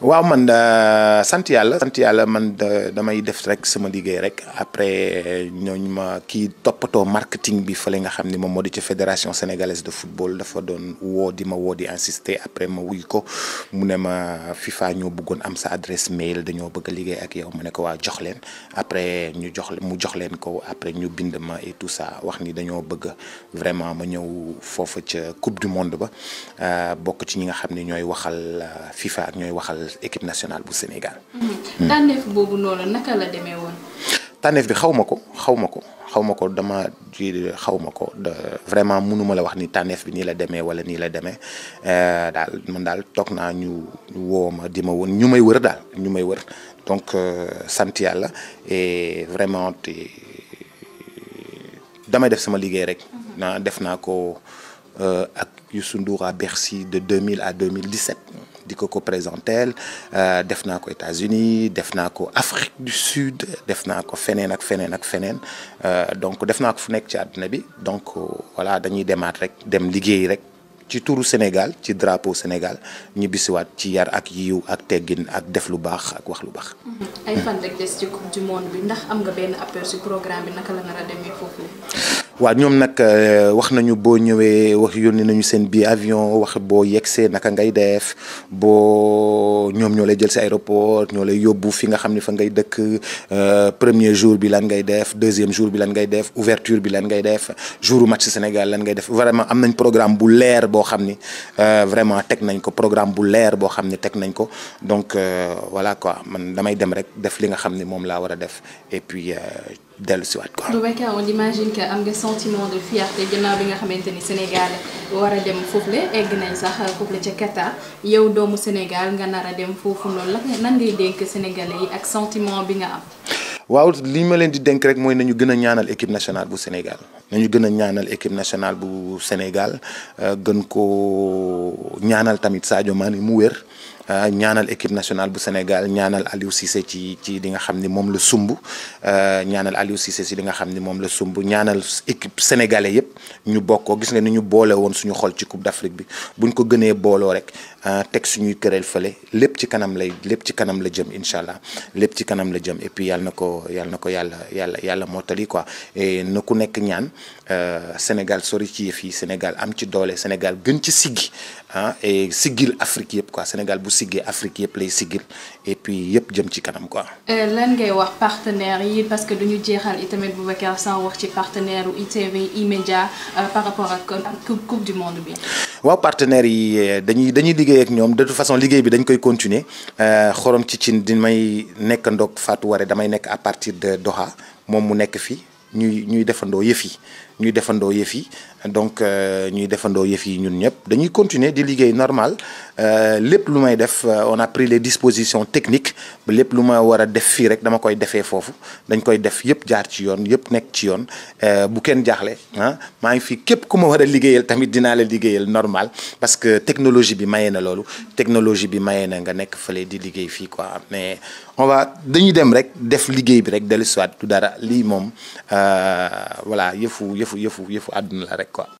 waaw man da euh, sant yàlla sant yàlla man euh, damay def rek sama liggéey rek après ñooñ ma kii toppatoo marketing bi fa fële nga xam ni moom moo di ci fédération sénégalaise de football dafa doon woo di ma woo di insister après ma wuy ko mu ne ma FIFA ñoo bëggoon am sa adresse mail dañoo bëgg liggéey ak yow ma ne ko waa jox leen après ñu jox mu jox leen ko après ñu bind ma et tout ça wax ni dañoo bëgg vraiment ma ñëw foofa ca coupe du monde ba euh, bokk ci ñi nga xam ne ñooy waxal euh, FIFA ak ñooy waxal équipe nationale bu Sénégal. Mhm. tanef bi xawmako xawmako ko ko ma dama ji xaw ko vraiment mënu la wax ni tanef bi ni la demee wala ni la demee euh, dal, man daal toog naa ñu woo dima won ñumay wër dal ñumay wër donc euh, sante yalla et vraiment te damay def sama liguey rek. Mhm. na def nako ko euh, ak Youssou Ndour à Bercy de 2000 à 2017 diko ko présentel euh def États-Unis def naa Afrique du Sud def naa ko feneen ak fenen ak euh, donc def naa fu ci aduna bi donc euh, voilà dañuy démat rek dem liguey rek ci touru Sénégal ci drapeau Sénégal ñu wat ci yar ak yiw ak teggin ak def lu bax ak wax lu baax. Mm-hmm. ay fan rek dess ci coupe du monde bi ndax am nga ben aperçu programme bi naka la nar a demee foofu waaw ñoom nag euh, wax nañu boo ñëwee wax yónni nañu seen bi avion wax boo yegsee naka ngay def boo ñoom ñoo lay jël si aéroport ñoo lay yóbbu fi nga xam ne fa ngay dëkk euh, premier jour bi lan ngay def deuxième jour bi lan ngay def ouverture bi lan ngay def jouru match Sénégal lan ngay def vraiment am nañ programme bu leer boo xam ni euh, vraiment teg nañ ko programme bu leer boo xam ni teg nañ ko donc voilà quoi man damay dem rek def li nga xam ni moom laa war def et puis dellu si waat quoi. Boubacar on imagine que am nga sentiment de fierté gannaaw bi nga xamanteni ni Sénégal war dem foofu la egg nañ sax foofu la ca Qatar yow doomu Sénégal nga nara dem fofu non la nan ngay dénk Sénégalais ak sentiment bi nga am. waaw li ma leen di denk rek mooy nañu gën a ñaanal équipe nationale bu Sénégal nañu gën a ñaanal équipe nationale bu Sénégal euh, gën ko ñaanal tamit Sadio Mané mu wér. Euh, ñaanal équipe nationale bu Sénégal ñaanal Aliou Cissé ci ci li xam ni moom la sumb euh, ñaanal Aliou Cissé ci li nga xam ni moom la sumb ñaanal équipe sénégalais yëpp ñu bokkoo gis nga ni ñu boole woon suñu xol ci Coupe d'Afrique bi buñ ko gënee booloo rek Ah, teg suñuy këral fële lépp ci kanam lay lépp ci kanam la jëm inshallah allah lépp ci kanam la jëm et puis yàlla nako ko nako yalla yalla yalla yàlla yàlla quoi et na ku nekk ñaan euh Sénégal sori ci yëf yi Sénégal am ci doole Sénégal gën ci siggi hein et siggil Afrique yëpp quoi Sénégal bu siggee Afrique yëpp lay siggil et puis yëpp jëm ci kanam quoi. euh lan ngay wax partenaire yi parce que duñu jeexal itamit bakkar sans wax ci partenaire u ITV E-Media euh, par rapport ak coupe du monde bi. waaw partenaire yi euh, dañuy dañuy de toute façon l'igué bi dañ koy continuer euh, xorom ci Fatou Waré damay à partir de Doha Nous mu nek fi. ñuy ñuy defando yëf ñuy defando donc euh, ñuy ñun continuer di liguey normal euh, les euh, on a pris les dispositions techniques ba lépp lu def On rek dama koy defé fofu dañ koy def jaar ci yoon nek ci yoon euh, bu kenn jaxlé hein ah, ma ngi fi képp la normal parce que technologie bi mayee na technologie bi nga nek di quoi mais on va dañuy dem rek def liggéey bi rek choses. voilà yefu yefu yefu la quoi